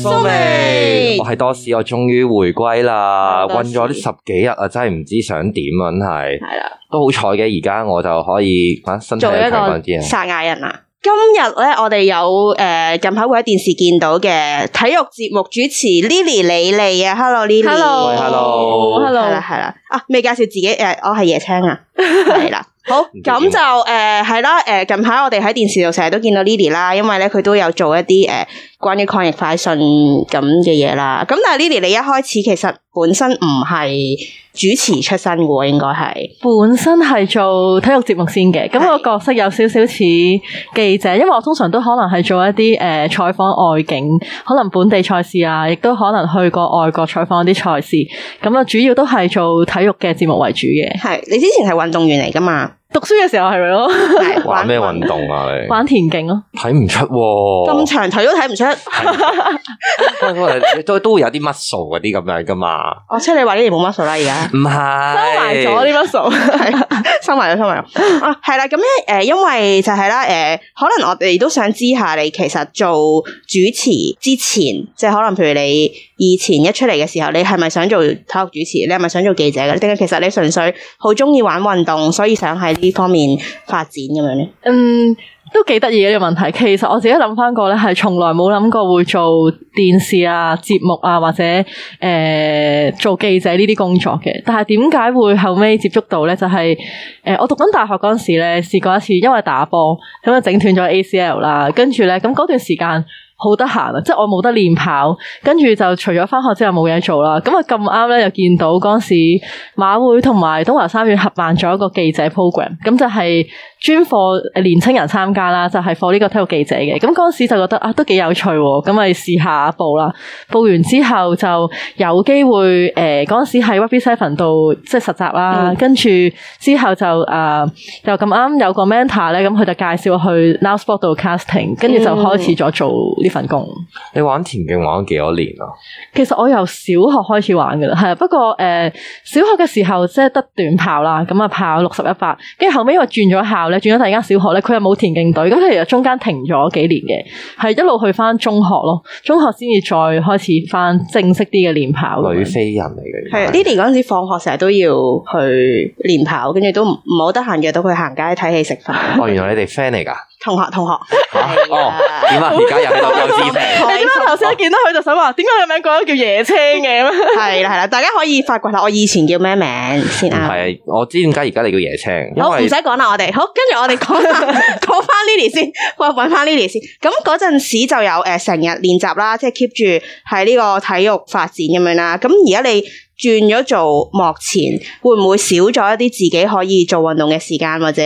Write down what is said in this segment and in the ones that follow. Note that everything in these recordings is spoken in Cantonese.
蘇眉，我係多士，我終於回歸啦，士困咗啲十幾日啊，真係唔知想點啊，真係。係啦的，都好彩嘅，而家我就可以。啊、身做一個撒亞人啊！今日咧，我哋有誒、呃，近排會喺電視見到嘅體育節目主持 Lily 李莉。啊，Hello Lily。Hello，Hello，係啦係啦。啊，未介紹自己誒、呃，我係椰青啊，係啦。好咁就誒係啦，誒、呃、近排我哋喺電視度成日都見到 Lily 啦，因為咧佢都有做一啲誒、呃、關於抗疫快訊咁嘅嘢啦。咁但係 Lily，你一開始其實本身唔係主持出身嘅喎，應該係本身係做體育節目先嘅。咁個角色有少少似記者，因為我通常都可能係做一啲誒、呃、採訪外景，可能本地賽事啊，亦都可能去過外國採訪一啲賽事。咁啊，主要都係做體育嘅節目為主嘅。係，你之前係運動員嚟㗎嘛？讀書嘅時候係咪咯？ 玩咩運動啊你？你玩田徑咯。睇唔出，啊，咁長腿都睇唔出。都都會有啲 muscle 嗰啲咁樣㗎嘛？哦，即係你話你冇 muscle 啦，而家唔係收埋咗啲 muscle。係。收埋咯，收埋咯。哦、啊，係啦，咁咧，誒，因為就係、是、啦，誒、呃，可能我哋都想知下你其實做主持之前，即係可能譬如你以前一出嚟嘅時候，你係咪想做體育主持？你係咪想做記者嘅？定係其實你純粹好中意玩運動，所以想喺呢方面發展咁樣咧？嗯。都幾得意嘅一個問題，其實我自己諗翻過咧，係從來冇諗過會做電視啊節目啊或者誒、呃、做記者呢啲工作嘅。但係點解會後尾接觸到咧？就係、是、誒、呃、我讀緊大學嗰陣時咧，試過一次，因為打波咁啊，整斷咗 ACL 啦，跟住咧咁嗰段時間好得閒啊，即係我冇得練跑，跟住就除咗翻學之後冇嘢做啦。咁啊咁啱咧又見到嗰陣時馬會同埋東華三院合辦咗一個記者 program，咁就係、是。專課誒年青人參加啦，就係、是、課呢個體育記者嘅。咁嗰陣時就覺得啊，都幾有趣喎。咁咪試一下報啦。報完之後就有機會誒，嗰、呃、陣時喺 Rugby Seven 度即係實習啦。嗯、跟住之後就誒、呃、就咁啱有個 mentor 咧、嗯，咁佢就介紹去 Now Sport 度 casting，跟住就開始咗做呢份工、嗯。你玩田徑玩咗幾多年啊？其實我由小學開始玩噶啦，係不過誒、呃、小學嘅時候即係得短跑啦，咁啊跑六十一百。跟住後尾我轉咗校。咧，轉咗第二間小學咧，佢又冇田徑隊，咁佢其實中間停咗幾年嘅，係一路去返中學咯，中學先至再開始返正式啲嘅練跑。女飛人嚟嘅，係 Lily 嗰陣時放學成日都要去練跑，跟住都唔好得閒約到佢行街睇戲食飯。哦， 原來你哋 friend 嚟㗎。同學同學，哦，點啊？而家又又又變名。我頭先一見到佢就想話，點解個名改咗叫椰青嘅？係啦係啦，大家可以發掘下我以前叫咩名先啊。係啊，我知點解而家你叫椰青好。好，唔使講啦，我哋好，跟住我哋講翻，講翻 Lily 先，喂，搵翻 Lily 先。咁嗰陣時就有誒，成日練習啦，即係 keep 住喺呢個體育發展咁樣啦。咁而家你，轉咗做幕前，會唔會少咗一啲自己可以做運動嘅時間，或者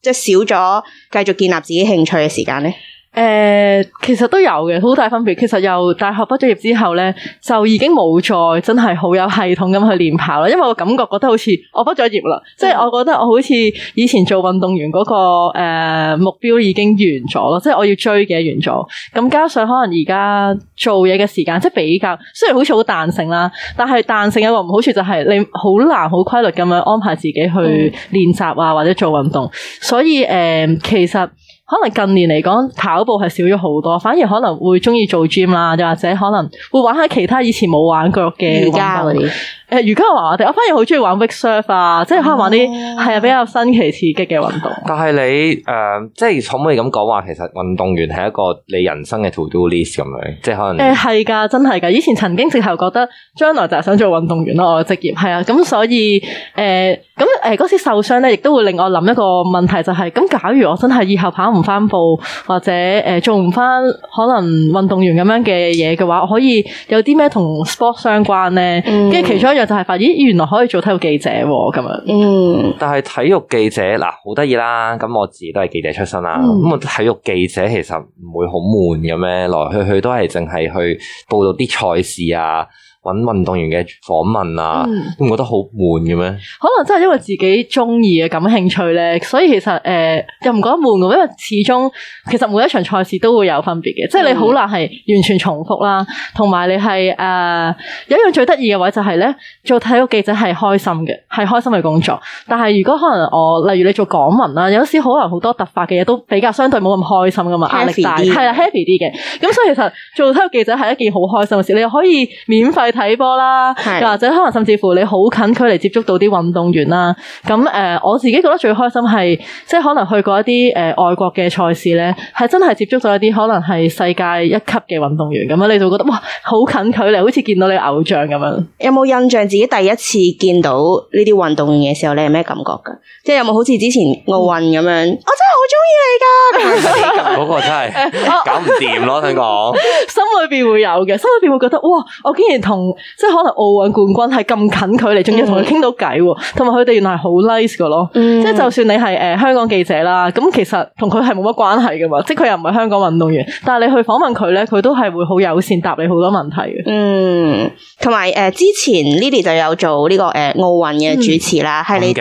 即係少咗繼續建立自己興趣嘅時間咧？誒、呃，其實都有嘅，好大分別。其實由大學畢咗業之後咧，就已經冇再真係好有系統咁去練跑啦。因為我感覺覺得好似我畢咗業啦，嗯、即係我覺得我好似以前做運動員嗰，那個誒、呃、目標已經完咗咯，即係我要追嘅完咗。咁加上可能而家做嘢嘅時間，即係比較雖然好似好彈性啦，但係彈性嘅話唔好處就係你好難好規律咁樣安排自己去練習啊，或者做運動。嗯、所以誒、呃，其實。可能近年嚟講，跑步係少咗好多，反而可能會中意做 gym 啦，或者可能會玩下其他以前冇玩過嘅運動係瑜伽玩玩哋，我反而好中意玩 wake surf 啊！即係可能玩啲係啊，哦、比較新奇刺激嘅運動。但係你誒、呃，即係可唔可以咁講話？其實運動員係一個你人生嘅 to do list 咁樣，即係可能誒係㗎，真係㗎！以前曾經直頭覺得將來就係想做運動員咯，我嘅職業係啊。咁所以誒，咁誒嗰次受傷咧，亦都會令我諗一個問題，就係、是、咁。假如我真係以後跑唔翻步，或者誒、呃、做唔翻可能運動員咁樣嘅嘢嘅話，我可以有啲咩同 sport 相關咧？跟住、嗯、其中一樣。就係發現，原來可以做體育記者咁樣。嗯，嗯但係體育記者嗱，好得意啦。咁我自己都係記者出身啦。咁我、嗯、體育記者其實唔會好悶嘅咩？來來去去都係淨係去報道啲賽事啊。搵運動員嘅訪問啊，嗯、都唔覺得好悶嘅咩？可能真係因為自己中意嘅感興趣咧，所以其實誒、呃、又唔覺得悶嘅，因為始終其實每一場賽事都會有分別嘅，即係你好難係完全重複啦。同埋你係誒、呃、有一樣最得意嘅位，就係、是、咧，做體育記者係開心嘅，係開心嘅工作。但係如果可能我例如你做港聞啦，有時可能好多突發嘅嘢都比較相對冇咁開心噶嘛，壓力大係啊 happy 啲嘅。咁所以其實做體育記者係一件好開心嘅事，你可以免費睇波啦，又或者可能甚至乎你好近距離接觸到啲運動員啦。咁誒、呃、我自己覺得最開心係即係可能去過一啲誒、呃、外國嘅賽事咧，係真係接觸到一啲可能係世界一級嘅運動員，咁樣你就覺得哇，好近距離好似見到你偶像咁樣。有冇印象自己第一次見到呢啲運動員嘅時候，你係咩感覺㗎？即係有冇好似之前奧運咁樣，我、嗯哦、真係好中意你㗎！嗰 個真係搞唔掂咯，聽講 心裏邊會有嘅，心裏邊會覺得哇！我竟然同即係可能奧運冠軍係咁近距離，仲要同佢傾到偈，同埋佢哋原來係好 nice 噶咯。嗯、即係就算你係誒香港記者啦，咁其實同佢係冇乜關係噶嘛。即係佢又唔係香港運動員，但係你去訪問佢咧，佢都係會好友善答你好多問題嘅。嗯，同埋誒，之前 Lily 就有做呢、呢個誒奧運嘅主持啦，係、嗯、你第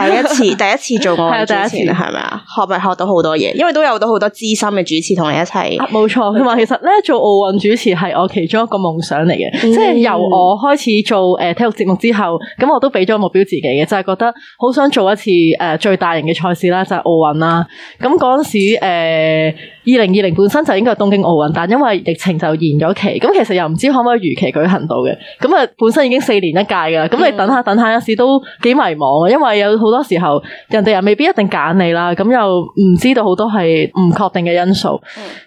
第一次第一次做奧運主持係咪啊？學咪學到好多嘢，因為都有到好多資深嘅主持同你一齊。冇錯、啊，同埋其實咧做奧運主持係我其中一個夢想嚟嘅。嗯嗯即係由我開始做誒、呃、體育節目之後，咁我都俾咗目標自己嘅，就係、是、覺得好想做一次誒、呃、最大型嘅賽事啦，就係奧運啦。咁陣時誒二零二零本身就應該係東京奧運，但因為疫情就延咗期。咁其實又唔知可唔可以如期舉行到嘅。咁啊，本身已經四年一屆噶啦，咁你等下等下有時都幾迷茫嘅，因為有好多時候人哋又未必一定揀你啦。咁又唔知道好多係唔確定嘅因素。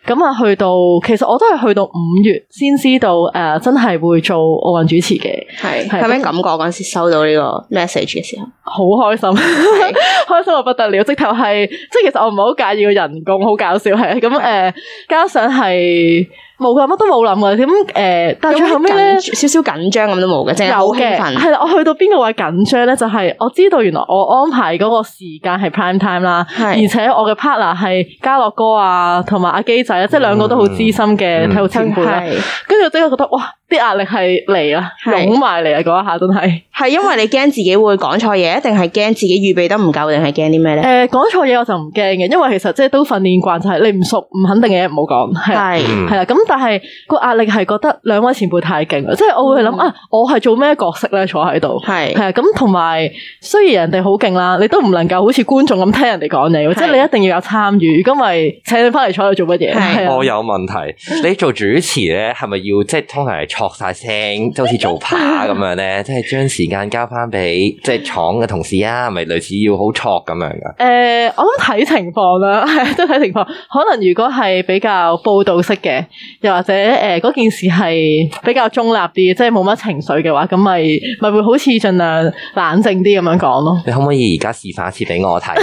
咁啊，去到其實我都係去到五月先知道誒、呃、真係會。做奧運主持嘅係，係咩是對感覺？嗰陣、就是、時收到呢個 message 嘅時候，好開心，是 開心到不得了。直頭係，即其實我唔係好介意個人工，好搞笑係咁誒，加上係。冇噶，乜都冇諗噶。咁誒，但最後尾咧，少少緊張咁都冇嘅，有嘅。係啦，我去到邊個位緊張咧？就係我知道原來我安排嗰個時間係 prime time 啦，而且我嘅 partner 係嘉樂哥啊，同埋阿基仔咧，即係兩個都好資深嘅體育前輩啦。跟住之後覺得哇，啲壓力係嚟啦，湧埋嚟啊！嗰一下真係係因為你驚自己會講錯嘢，定係驚自己預備得唔夠，定係驚啲咩咧？誒，講錯嘢我就唔驚嘅，因為其實即係都訓練慣，就係你唔熟唔肯定嘅嘢唔好講，係係啦，咁。但係個壓力係覺得兩位前輩太勁，即、就、係、是、我會諗、嗯、啊，我係做咩角色咧坐喺度？係係啊，咁同埋雖然人哋好勁啦，你都唔能夠好似觀眾咁聽人哋講你，是即係你一定要有參與，咁咪請你翻嚟坐喺度做乜嘢？是啊、我有問題，你做主持咧係咪要即係通常係挫晒聲，即好似做扒咁樣咧？即係將時間交翻俾即係廠嘅同事啊？係咪類似要好挫咁樣噶？誒、呃，我諗睇情況啦，都睇情況。 可能如果係比較報道式嘅。又或者誒，嗰、呃、件事係比較中立啲，即係冇乜情緒嘅話，咁咪咪會好似盡量冷靜啲咁樣講咯。你可唔可以而家示範一次俾我睇？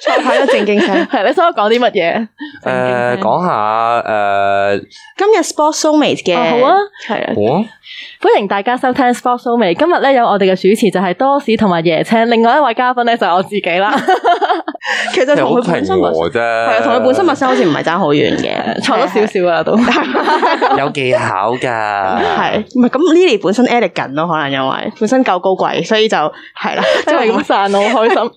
坐喺個正經上，係 你想我講啲乜嘢？誒、呃，講下誒，呃、今日 Sportsomate 嘅好啊，係啊、哦，好啊！啊好啊 歡迎大家收聽 Sportsomate 今日咧有我哋嘅主持就係多士同埋椰青，另外一位嘉賓咧就係我自己啦。 其實同佢本身啫，係啊，同佢本身默聲好似唔係爭好遠嘅，差咗少少啊都。有技巧噶，係唔係咁？Lily 本身 elegant 咯，可能因為本身夠高貴，所以就係啦，即係咁讚咯，好開心。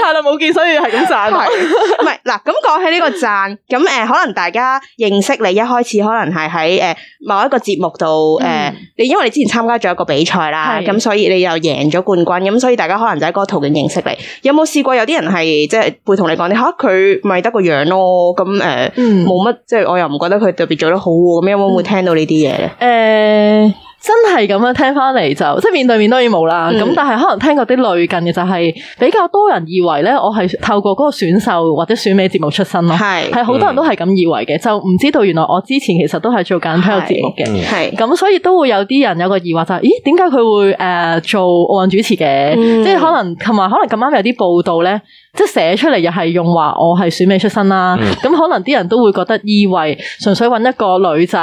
太耐冇見，所以係咁讚。唔係嗱，咁講起呢個讚咁誒，可能大家認識你一開始可能係喺誒某一個節目度誒，你因為你之前參加咗一個比賽啦，咁所以你又贏咗冠軍，咁所以大家可能就喺嗰個途徑認識你。有冇試過有啲人係？即係會同你講啲吓，佢咪得個樣咯，咁誒，冇乜，即係我又唔覺得佢特別做得好喎，咁有冇會聽到呢啲嘢咧？誒。嗯呃真係咁樣聽翻嚟就即係面對面當然冇啦，咁、嗯、但係可能聽過啲類近嘅就係、是、比較多人以為咧，我係透過嗰個選秀或者選美節目出身咯，係係好多人都係咁以為嘅，就唔知道原來我之前其實都係做緊體育節目嘅，係咁所以都會有啲人有個疑惑就係、是，咦，點解佢會誒、呃、做奧運主持嘅、嗯？即係可能琴埋可能咁啱有啲報道咧，即係寫出嚟又係用話我係選美出身啦，咁、嗯嗯、可能啲人都會覺得以為純粹揾一個女仔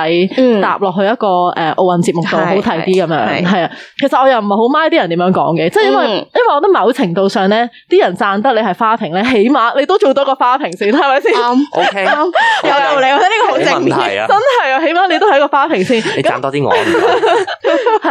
搭落去一個誒奧運節目度。嗯嗯嗯好睇啲咁樣，係啊，其實我又唔係好 mind 啲人點樣講嘅，即係因為，嗯、因為我覺得某程度上咧，啲人讚得你係花瓶咧，起碼你都做多個花瓶先，係咪先？啱，OK，有道理，我覺得呢個好正面，真係啊，起碼你都係一個花瓶先。啊、你讚多啲我係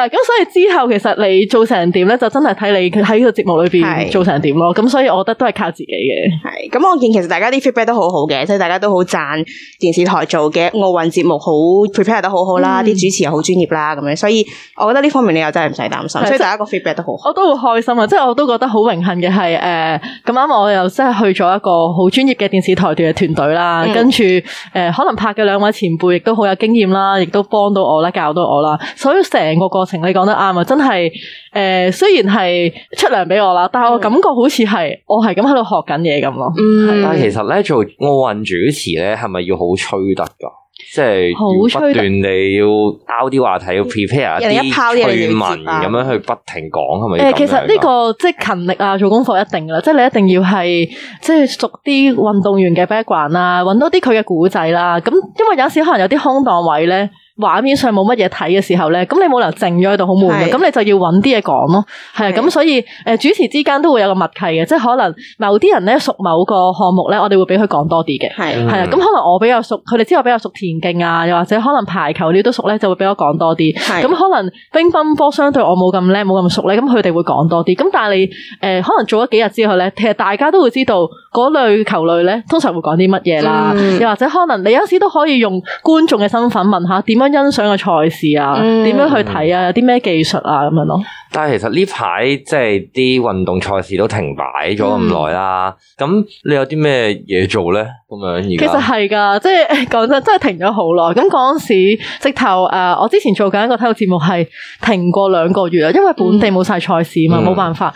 咁那 所以之後其實你做成點咧，就真係睇你喺個節目裏邊做成點咯。咁的所以我覺得都係靠自己嘅。係，咁我見其實大家啲 feedback 都好好嘅，即係大家都好讚電視台做嘅奧運節目 pre 好 prepare 得好好啦，啲、嗯、主持人好專業啦，咁樣。所以，我覺得呢方面你又真係唔使擔心，的所以大家個 feedback 都好。我都好開心啊！嗯、即係我都覺得好榮幸嘅係誒，咁、呃、啱我又真係去咗一個好專業嘅電視台嘅團隊啦，嗯、跟住誒、呃、可能拍嘅兩位前輩亦都好有經驗啦，亦都幫到我啦，教到我啦。所以成個過程你講得啱啊！真係誒、呃，雖然係出糧俾我啦，但係我感覺好似係、嗯、我係咁喺度學緊嘢咁咯。嗯，但係其實咧做奧運主持咧，係咪要好吹突㗎？即係不斷，你要拋啲話題，要 prepare 一啲趣聞咁、啊、樣去不停講，係咪？誒，其實呢、這個即係、就是、勤力啊，做功課一定啦、啊。即、就、係、是、你一定要係即係熟啲運動員嘅 background 啦，搵到啲佢嘅古仔啦。咁因為有時可能有啲空檔位咧，畫面上冇乜嘢睇嘅時候咧，咁你冇能靜咗喺度好悶嘅，咁是你就要揾啲嘢講咯，係啊，咁是所以誒、呃、主持之間都會有個默契嘅，即係可能某啲人咧屬某個項目咧，我哋會俾佢講多啲嘅，係係啊，咁可能我比較熟，佢哋之後比較熟田徑啊，又或者可能排球你都熟咧，就會俾我講多啲，咁是可能乒乓波相對我冇咁叻冇咁熟咧，咁佢哋會講多啲，咁但係你誒、呃、可能做咗幾日之後咧，其實大家都會知道嗰類球類咧通常會講啲乜嘢啦，嗯、又或者可能你有時都可以用觀眾嘅身份問下點樣。欣賞嘅賽事啊，點樣去睇啊？有啲咩技術啊咁樣咯？但係其實呢排即係啲運動賽事都停擺咗咁耐啦。咁、嗯、你有啲咩嘢做咧？咁樣而家其實係噶，即係講真，真係停咗好耐。咁嗰陣時直頭誒、啊，我之前做緊一個體育節目係停過兩個月啊，因為本地冇晒賽事嘛，冇、嗯、辦法。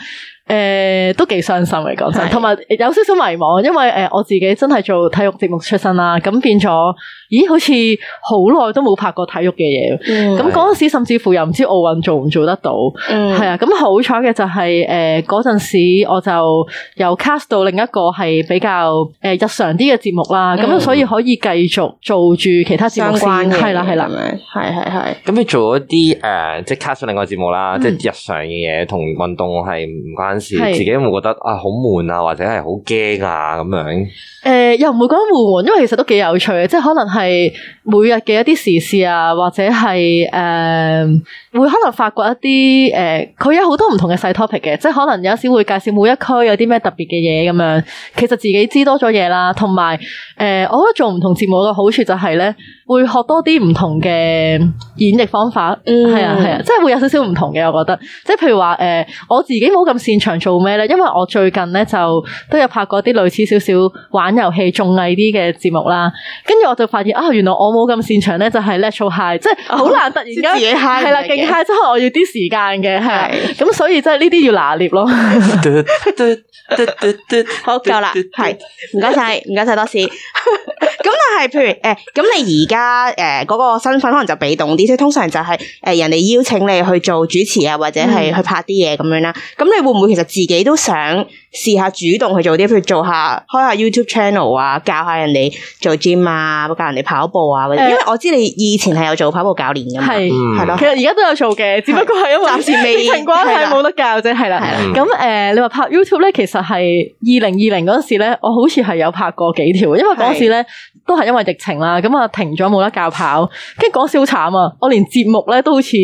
誒、呃，都幾傷心嚟講真，同埋有少少迷茫，因為誒、呃、我自己真係做體育節目出身啦，咁變咗，咦，好似好耐都冇拍過體育嘅嘢，咁陣、嗯嗯、時甚至乎又唔知奧運做唔做得到，係、嗯、啊，咁好彩嘅就係誒陣時我就又 cast 到另一個係比較誒日常啲嘅節目啦，咁、嗯、所以可以繼續做住其他節目先，係啦係啦，係係係，咁、啊啊啊啊啊、你做一啲誒、呃、即係 cast 另外節目啦，即係日常嘅嘢同運動係唔關。是自己會覺得啊好悶啊，或者係好驚啊咁樣。誒、呃，又唔會講悶，因為其實都幾有趣，即係可能係每日嘅一啲時事啊，或者係誒、呃，會可能發掘一啲誒，佢、呃、有好多唔同嘅細 topic 嘅，即係可能有時會介紹每一區有啲咩特別嘅嘢咁樣。其實自己知多咗嘢啦，同埋誒，我覺得做唔同節目嘅好處就係咧。會學多啲唔同嘅演繹方法，係啊係啊，即係會有少少唔同嘅，我覺得，即係譬如話誒，我自己冇咁擅長做咩咧？因為我最近咧就都有拍過啲類似少少玩遊戲綜藝啲嘅節目啦，跟住我就發現啊，原來我冇咁擅長咧，就係咧做 high，即係好難突然間係啦，勁嗨，i g 即係我要啲時間嘅，係，咁所以即係呢啲要拿捏咯。好夠啦，係，唔該晒，唔該晒，多士。咁但係，譬如誒，咁你而家？啊！誒嗰、呃那個身份可能就被動啲，即係通常就係誒人哋邀請你去做主持啊，或者係去拍啲嘢咁樣啦。咁你會唔會其實自己都想試下主動去做啲，譬如做下開下 YouTube channel 啊，教下人哋做 gym 啊，教人哋跑步啊嗰啲？因為我知你以前係有做跑步教練噶嘛，係係咯。嗯、其實而家都有做嘅，只不過係因為暫時疫情關係冇得教啫，係啦係啦。咁誒、嗯呃，你話拍 YouTube 咧，其實係二零二零嗰陣時咧，我好似係有拍過幾條，因為嗰陣時咧都係因為疫情啦，咁啊停咗。冇得教跑，跟住講笑慘啊！我連節目咧都好似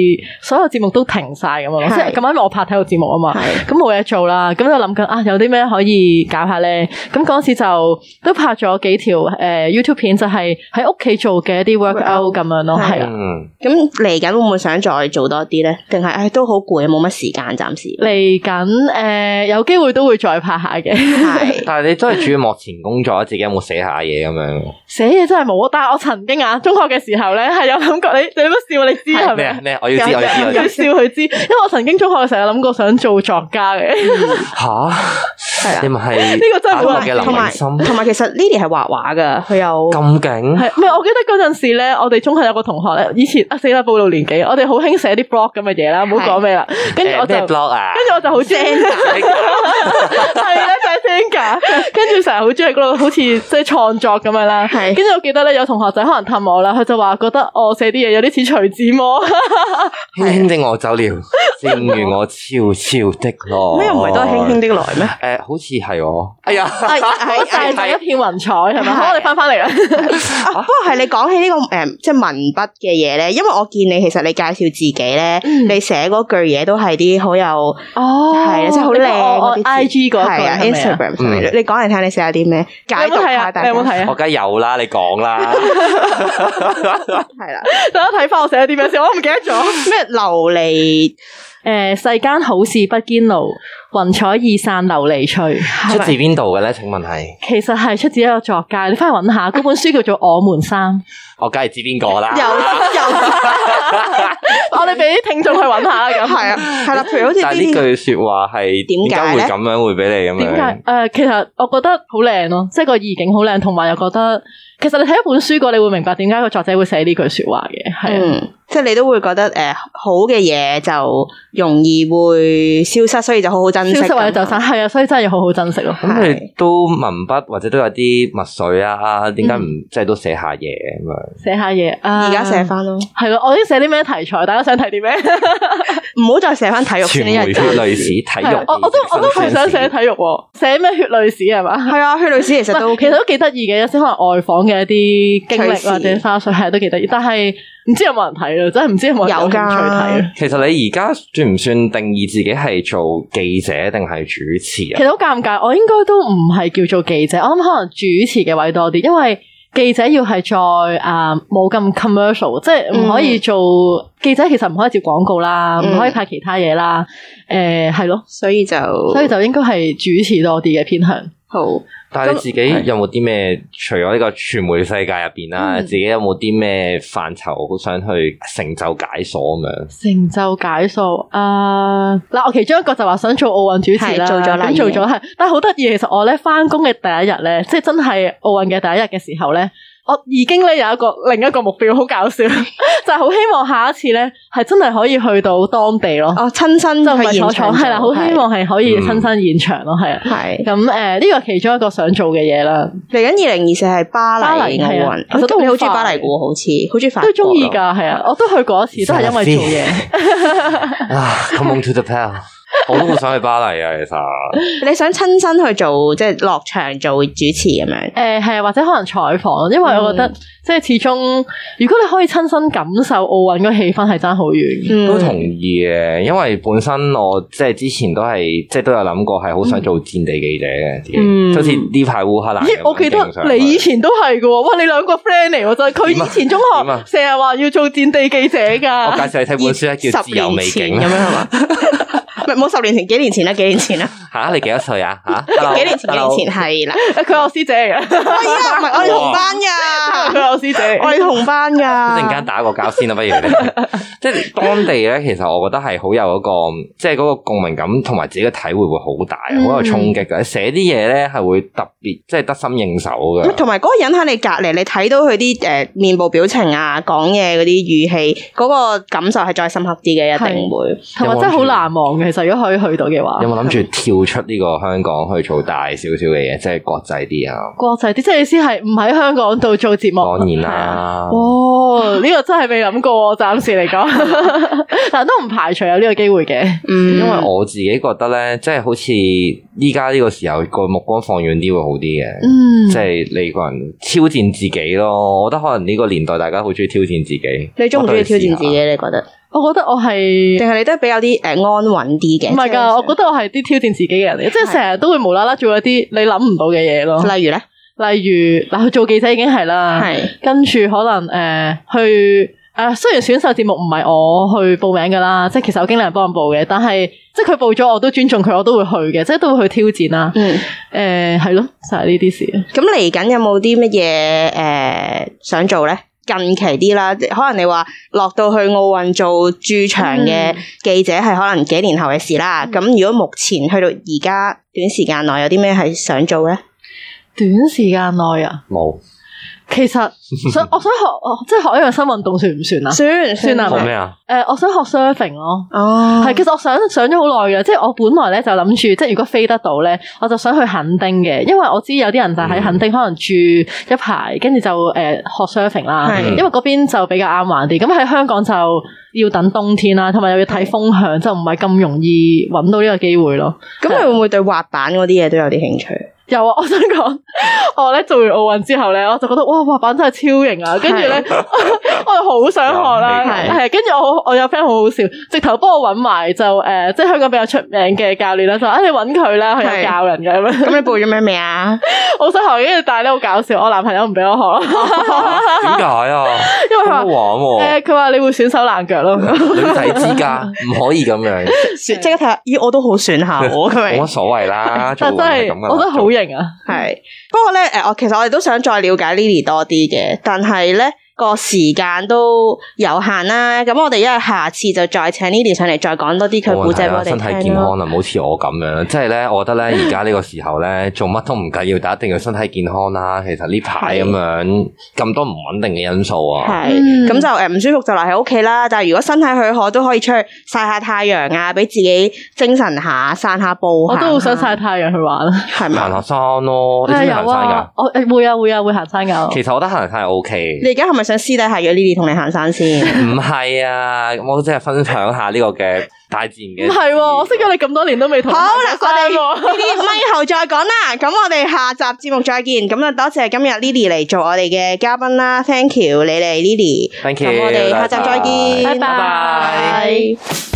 所有節目都停晒咁樣，即係咁啱，因為我拍體育節目啊嘛，咁冇嘢做啦，咁就諗緊啊，有啲咩可以搞下咧？咁嗰時就都拍咗幾條誒 YouTube 片，就係喺屋企做嘅一啲 workout 咁樣咯，係啦。咁嚟緊會唔會想再做多啲咧？定係誒都好攰，冇乜時間暫時嚟緊誒有機會都會再拍下嘅。但係你都係主要幕前工作，自己有冇寫下嘢咁樣？寫嘢真係冇，啊，但係我曾經中學嘅時候咧，係有諗過，你做乜？笑你知係咪啊？咩嗎？我要知 我要，我，知我知笑佢知。因為我曾經中學嘅時候有諗過想做作家嘅吓、嗯。 你呢個真係好難啊！同埋同埋，其實 Lily 係畫畫噶，佢有咁勁。係唔係？我記得嗰陣時咧，我哋中學有個同學咧，以前啊死啦，報道年紀，我哋好興寫啲 blog 咁嘅嘢啦，唔好講咩啦。誒咩 blog 啊？跟住我就好正。r i t 係啊，就係 writer。跟住成日好中意嗰個好似即係創作咁樣啦。係是。跟住我記得咧，有同學仔可能氹我啦，佢就話覺得我寫啲嘢有啲似徐志摩。輕輕的我走了，正如 我悄悄的來。咩又唔係都係輕輕的來咩？誒、欸。好似係哦，係啊，係一片雲彩，係咪？好，我哋翻翻嚟啦。不過係你講起呢個誒，即係文筆嘅嘢咧，因為我見你其實你介紹自己咧，你寫嗰句嘢都係啲好有哦，係啊，即係好靚嗰啲。I G 嗰個 Instagram，你講嚟聽，你寫咗啲咩？解讀啊，有冇睇啊？我梗係有啦，你講啦。係啦，等我睇翻我寫咗啲咩先，我唔記得咗咩琉璃誒，世間好事不堅牢。雲彩易散琉璃脆，出自邊度嘅咧？請問係，其實係出自一個作家，你翻去揾下嗰本書叫做《我們仨》， 我梗係知邊個啦。有有，我哋俾啲聽眾去揾下啦。咁係啊，係 啦樂，譬如好似呢句說話係點解會咁樣會俾你咁樣？誒、呃，其實我覺得好靚咯，即係個意境好靚，同埋又覺得。其實你睇一本書過，你會明白點解個作者會寫呢句說話嘅，係即係你都會覺得誒好嘅嘢就容易會消失，所以就好好珍惜，消失就生，係啊，所以真係要好好珍惜咯。咁你都文筆或者都有啲墨水啊？點解唔即係都寫下嘢咁樣？寫下嘢，而家寫翻咯，係咯，我已經寫啲咩題材？大家想睇啲咩？唔好再寫翻體育，血淚史，體育，我都我都係想寫體育，寫咩血淚史係嘛？係啊，血淚史其實都其實都幾得意嘅，有時可能外訪。嘅一啲經歷或者花絮係都幾得意，但係唔知有冇人睇咯，真係唔知有冇人有興趣睇。其實你而家算唔算定義自己係做記者定係主持啊？其實好尷尬，我應該都唔係叫做記者，我諗可能主持嘅位多啲，因為記者要係再啊冇咁 commercial，即係唔可以做、嗯、記者，其實唔可以接廣告啦，唔、嗯、可以拍其他嘢啦。誒、呃，係咯，所以就所以就應該係主持多啲嘅偏向。但係你自己有冇啲咩？除咗呢個傳媒世界入邊啦，嗯、自己有冇啲咩範疇好想去成就解鎖嘅？成就解鎖啊！嗱，我其中一個就話想做奧運主持啦，做咗了啦，做咗係、嗯。但係好得意，其實我咧翻工嘅第一日咧，即係真係奧運嘅第一日嘅時候咧。我已經咧有一個另一個目標，好搞笑，就係好希望下一次咧係真係可以去到當地咯，哦親身就唔係現場，係啦，好希望係可以親身現場咯，係啊，係咁，誒呢個其中一個想做嘅嘢啦。嚟緊二零二四係巴黎奧運，我覺得你好中意巴黎，好似好中意，都中意噶，係啊，我都去過一次，都係因為做嘢。Come on to the 我都好想去巴黎啊！其實你想親身去做，即係落場做主持咁樣？誒、呃，係啊，或者可能採訪，因為我覺得、嗯、即係始終，如果你可以親身感受奧運個氣氛，係爭好遠。都同意嘅，因為本身我即係之前都係，即係都,都有諗過，係好想做戰地記者嘅。嗯，好似呢排烏克蘭嘅、欸、我記得你以前都係嘅，的哇！你兩個 friend 嚟，我真係佢以前中學成日話要做戰地記者噶。我介紹你睇本書叫《自由美景》咁樣係嘛。冇十年前幾年前啦，幾年前啦嚇！你幾多歲啊？嚇！幾年前幾年前係啦，佢我師姐嚟噶，依家唔係我哋同班噶，佢我師姐，我哋同班噶。一陣間打個交先啦，不如即係當地咧，其實我覺得係好有嗰個，即係嗰個共鳴感，同埋自己嘅體會會好大，好有衝擊嘅。寫啲嘢咧係會特別，即係得心應手嘅。同埋嗰個人喺你隔籬，你睇到佢啲誒面部表情啊，講嘢嗰啲語氣，嗰個感受係再深刻啲嘅，一定會同埋真係好難忘嘅。就，如果可以去到嘅話，有冇諗住跳出呢個香港去做大少少嘅嘢，即係國際啲啊？國際啲，即係意思係唔喺香港度做節目。當然啦。哦，呢、這個真係未諗過，暫時嚟講， 但都唔排除有呢個機會嘅。嗯、因為我自己覺得呢，即係好似依家呢個時候，個目光放遠啲會好啲嘅。嗯。即係你個人挑戰自己咯，我覺得可能呢個年代大家好中意挑戰自己。你中唔中意挑戰自己？覺你，你覺得？我覺得我係，定係你都係比較啲誒安穩啲嘅。唔係㗎，我覺得我係啲挑戰自己嘅人嚟，的即係成日都會無啦啦做一啲你諗唔到嘅嘢咯。例如咧，例如嗱，做記者已經係啦，跟住的可能誒、呃、去誒、呃，雖然選秀節目唔係我去報名㗎啦，即係其實我經理人幫我報嘅，但係即係佢報咗我都尊重佢，我都會去嘅，即係都會去挑戰啦。嗯，誒係咯，就係呢啲事。咁嚟緊有冇啲乜嘢誒想做咧？近期啲啦，可能你話落到去奧運做駐場嘅記者係可能幾年後嘅事啦。咁、嗯、如果目前去到而家短時間內有啲咩係想做嘅？短時間內啊，冇。有其實。想，我想學，即係學一樣新運動算唔算啊？算算啊！學咩啊？誒，我想學 surfing 咯。哦，係，其實我想想咗好耐嘅，即係我本來咧就諗住，即係如果飛得到咧，我就想去墾丁嘅，因為我知有啲人就喺墾丁可能住一排，跟住就誒學 surfing 啦。因為嗰邊就比較啱玩啲。咁喺香港就要等冬天啦，同埋又要睇風向，就唔係咁容易揾到呢個機會咯。咁你會唔會對滑板嗰啲嘢都有啲興趣？有啊，我想講，我咧做完奧運之後咧，我就覺得哇，滑板真係～超型啊！跟住咧，我就好想學啦，係跟住我我有 friend 好好笑，直頭幫我揾埋就誒，即係香港比較出名嘅教練啦，就話你揾佢啦，佢有教人嘅咁樣。咁你背咗咩名啊？好想學，跟住但係你好搞笑，我男朋友唔俾我學。點解啊？因為好玩喎。誒，佢話你會損手爛腳咯，女仔之家唔可以咁樣，即刻睇下，咦，我都好損下我，咁冇乜所謂啦，但真係我覺得好型啊，係。不過咧，誒，我其實我哋都想再了解 Lily 多啲嘅。但係咧。個時間都有限啦，咁我哋因為下次就再請 Lily 上嚟再講多啲佢古仔，我哋聽咯。身體健康啦，唔好似我咁樣，即係咧，我覺得咧而家呢個時候咧 做乜都唔緊要，但一定要身體健康啦。其實呢排咁樣咁是多唔穩定嘅因素啊，係咁是、嗯、就誒唔、呃、舒服就留喺屋企啦。但係如果身體許可，都可以出去晒下太陽啊，俾自己精神下，散下步。下我都好想晒太陽去玩啦，係嘛嗎？行下山咯，你中意行山噶、啊？我誒會啊會啊會行山噶。 其實我覺得行山係 O K。你而家係咪？想私底下約 Lily 同你行山先？唔係啊，我即係分享下呢個嘅大自然嘅。唔係喎，我識咗你咁多年都未同。好，你快啲， 咪咪後再講啦。咁我哋下集節目再見。咁啊，多謝今日 Lily 嚟做我哋嘅嘉賓啦。 Thank you，你哋 Lily。Thank you，咁我哋下集再見，拜拜。拜拜。